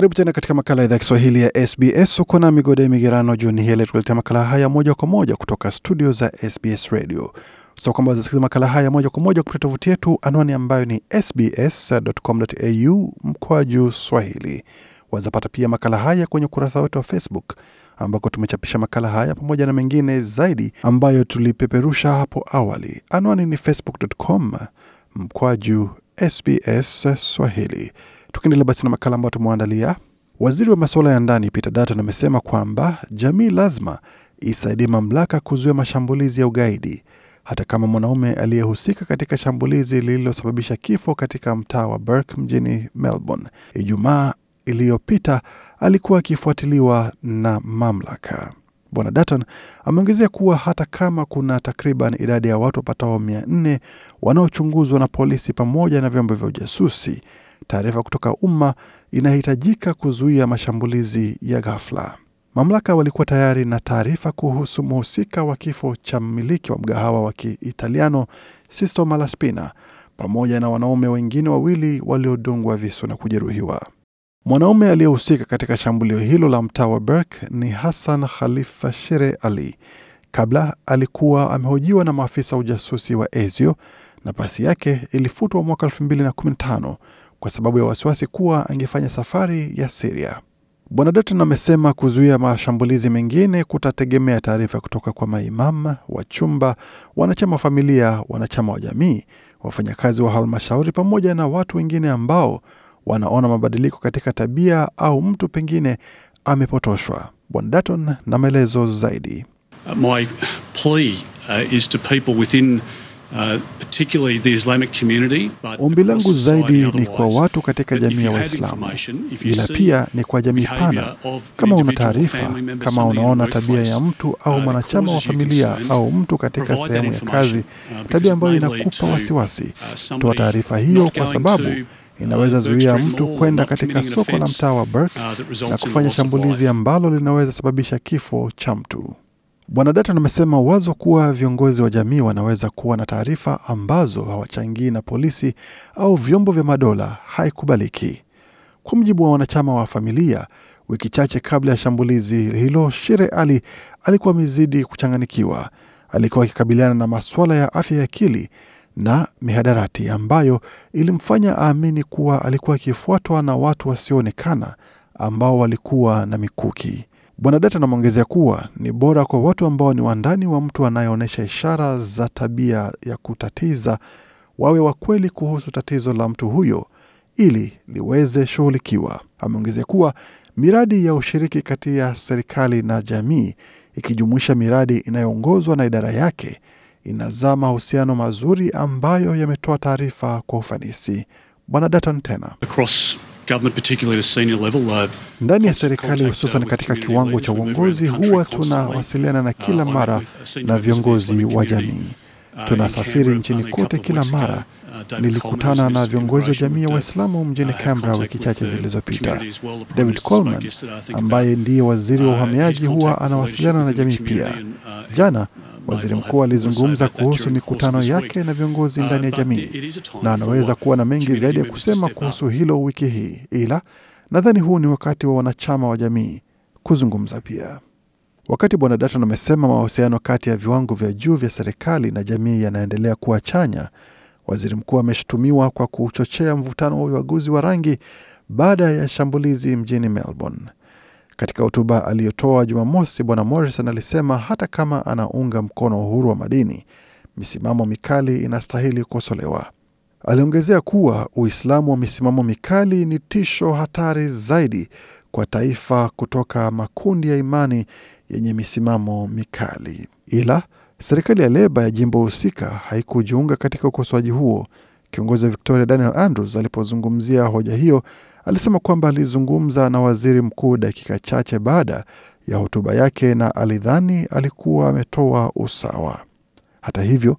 Karibu tena katika makala ya idhaa Kiswahili ya SBS. Uko na Migode Migerano jioni hii, tukuletea makala haya moja kwa moja kutoka studio za SBS Radio. So kwamba wazasikiliza makala haya moja kwa moja kupitia tovuti yetu, anwani ambayo ni sbs.com.au mkwaju swahili. Wazapata pia makala haya kwenye ukurasa wetu wa Facebook ambako tumechapisha makala haya pamoja na mengine zaidi ambayo tulipeperusha hapo awali. Anwani ni facebook.com mkwaju sbs swahili. Tukiendelea basi na makala ambayo tumeandalia, waziri wa masuala ya ndani Peter Dutton amesema kwamba jamii lazima isaidie mamlaka kuzuia mashambulizi ya ugaidi, hata kama mwanaume aliyehusika katika shambulizi lililosababisha kifo katika mtaa wa Burke mjini Melbourne Ijumaa iliyopita alikuwa akifuatiliwa na mamlaka. Bwana Dutton ameongezea kuwa hata kama kuna takriban idadi ya watu wapatao mia nne wanaochunguzwa na polisi pamoja na vyombo vya ujasusi, Taarifa kutoka umma inahitajika kuzuia mashambulizi ya ghafla. Mamlaka walikuwa tayari na taarifa kuhusu mhusika wa kifo cha mmiliki wa mgahawa wa Kiitaliano Sisto Malaspina pamoja na wanaume wengine wawili waliodungwa visu na kujeruhiwa. Mwanaume aliyehusika katika shambulio hilo la mtaa wa Berk ni Hassan Khalifa Shere Ali. Kabla alikuwa amehojiwa na maafisa ujasusi wa Ezio na pasi yake ilifutwa mwaka 215 kwa sababu ya wasiwasi kuwa angefanya safari ya Siria. Bwana Dutton amesema kuzuia mashambulizi mengine kutategemea taarifa kutoka kwa maimam, wachumba, wanachama wa familia, wanachama wa jamii, wafanyakazi wa halmashauri, pamoja na watu wengine ambao wanaona mabadiliko katika tabia au mtu pengine amepotoshwa. Bwana Dutton na maelezo zaidi. My plea, uh, is to people within Uh, Ombi langu zaidi ni kwa watu katika jamii ya Waislamu, ila pia ni kwa jamii pana. Kama una taarifa, kama unaona tabia ya mtu uh, au mwanachama wa familia au mtu katika sehemu ya kazi, uh, tabia ambayo inakupa wasiwasi, toa taarifa hiyo, kwa sababu inaweza zuia mtu kwenda katika soko la mtaa wa Burke na kufanya shambulizi ambalo linaweza sababisha kifo cha mtu. Bwana Dutton amesema wazo kuwa viongozi wa jamii wanaweza kuwa na taarifa ambazo hawachangii na polisi au vyombo vya madola haikubaliki. Kwa mujibu wa wanachama wa familia, wiki chache kabla ya shambulizi hilo, Shire Ali alikuwa amezidi kuchanganikiwa. Alikuwa akikabiliana na masuala ya afya ya akili na mihadarati ambayo ilimfanya aamini kuwa alikuwa akifuatwa na watu wasioonekana ambao walikuwa na mikuki. Bwana Data anamwongezea kuwa ni bora kwa watu ambao ni wandani wa mtu anayeonyesha ishara za tabia ya kutatiza wawe wakweli kuhusu tatizo la mtu huyo ili liweze shughulikiwa. Ameongezea kuwa miradi ya ushiriki kati ya serikali na jamii ikijumuisha miradi inayoongozwa na idara yake inazaa mahusiano mazuri ambayo yametoa taarifa kwa ufanisi. Bwana Dutton tena Across Uh, Ndani ya serikali hususan katika kiwango cha uongozi, huwa uh, tunawasiliana na kila mara na viongozi wa jamii. Tunasafiri nchini kote kila mara. Nilikutana na viongozi wa jamii ya uh, Waislamu mjini Canberra wiki chache zilizopita. David Coleman ambaye ndiye waziri wa uhamiaji huwa anawasiliana na jamii pia. Jana Waziri mkuu alizungumza kuhusu mikutano yake na viongozi ndani ya jamii, na anaweza kuwa na mengi zaidi ya kusema kuhusu hilo wiki hii, ila nadhani huu ni wakati wa wanachama wa jamii kuzungumza pia. Wakati Bwana Dutton amesema mahusiano kati ya viwango vya juu vya serikali na jamii yanaendelea kuwa chanya, waziri mkuu ameshutumiwa kwa kuchochea mvutano wa ubaguzi wa rangi baada ya shambulizi mjini Melbourne. Katika hotuba aliyotoa Jumamosi, Bwana Morrison alisema hata kama anaunga mkono uhuru wa madini, misimamo mikali inastahili kukosolewa. Aliongezea kuwa Uislamu wa misimamo mikali ni tisho hatari zaidi kwa taifa kutoka makundi ya imani yenye misimamo mikali. Ila serikali ya leba ya jimbo husika haikujiunga katika ukosoaji huo. Kiongozi wa Victoria Daniel Andrews alipozungumzia hoja hiyo alisema kwamba alizungumza na waziri mkuu dakika chache baada ya hotuba yake na alidhani alikuwa ametoa usawa. Hata hivyo,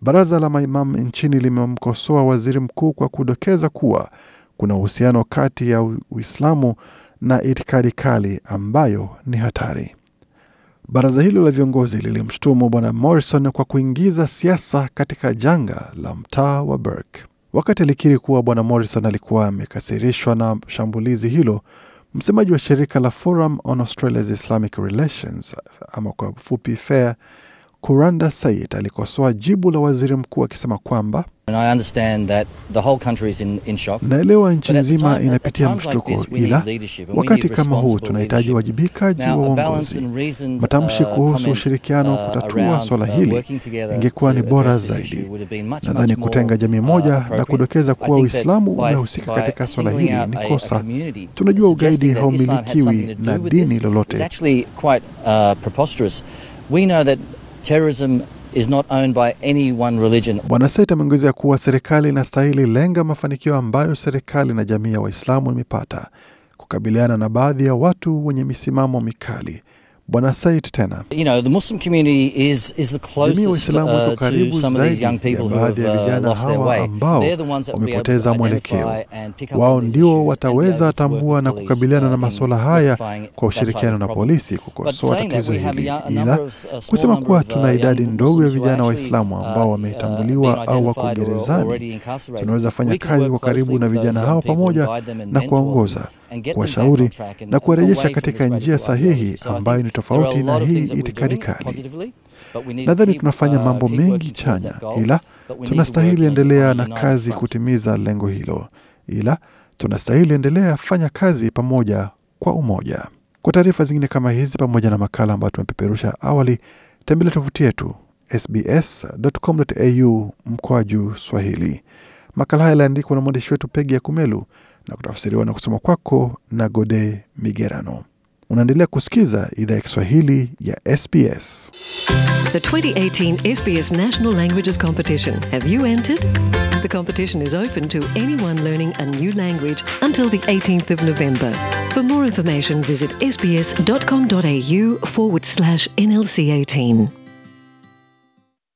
baraza la maimamu nchini limemkosoa waziri mkuu kwa kudokeza kuwa kuna uhusiano kati ya Uislamu na itikadi kali ambayo ni hatari. Baraza hilo la viongozi lilimshutumu Bwana Morrison kwa kuingiza siasa katika janga la mtaa wa Burke. Wakati alikiri kuwa bwana Morrison alikuwa amekasirishwa na shambulizi hilo, msemaji wa shirika la Forum on Australia's Islamic Relations ama kwa fupi FAIR Kuranda Sayid alikosoa jibu la waziri mkuu akisema kwamba naelewa nchi nzima inapitia mshtuko, ila wakati kama huu tunahitaji uwajibikaji wa uongozi. Matamshi uh, kuhusu ushirikiano uh, kutatua swala uh, hili ingekuwa ni bora zaidi. Nadhani kutenga jamii moja na kudokeza kuwa Uislamu unahusika katika swala hili ni kosa. Tunajua ugaidi haumilikiwi na dini lolote. Terrorism is not owned by any one religion. Bwana Sait ameongezea kuwa serikali inastahili lenga mafanikio ambayo serikali na jamii ya Waislamu imepata kukabiliana na baadhi ya watu wenye misimamo mikali Bwana Said tena, jamii Waislamu iko uh, karibu zaidi ya baadhi ya uh, vijana hawa ambao wamepoteza mwelekeo wao, ndio wataweza tambua na kukabiliana na uh, masuala haya kwa ushirikiano na polisi, kukosoa tatizo hili. Ila kusema kuwa tuna idadi ndogo ya vijana Waislamu ambao wametambuliwa au wako gerezani, tunaweza fanya kazi kwa karibu na vijana hao pamoja na kuwaongoza, kuwashauri na kuwarejesha katika njia sahihi ambayo ni tofauti na hii itikadi kali. Nadhani tunafanya uh, mambo mengi chanya, ila tunastahili endelea na kazi kutimiza lengo hilo, ila tunastahili endelea fanya kazi pamoja kwa umoja. Kwa taarifa zingine kama hizi pamoja na makala ambayo tumepeperusha awali, tembelea tovuti yetu sbs.com.au mkwaju Swahili. Makala haya yaliandikwa na mwandishi wetu Pegi ya Kumelu na kutafsiriwa na kusoma kwako na Gode Migerano. Unaendelea kusikiza idhaa ya Kiswahili ya SBS. The 2018 SBS National Languages Competition. Have you entered? The competition is open to anyone learning a new language until the 18th of November. For more information, visit sbs.com.au forward slash NLC 18.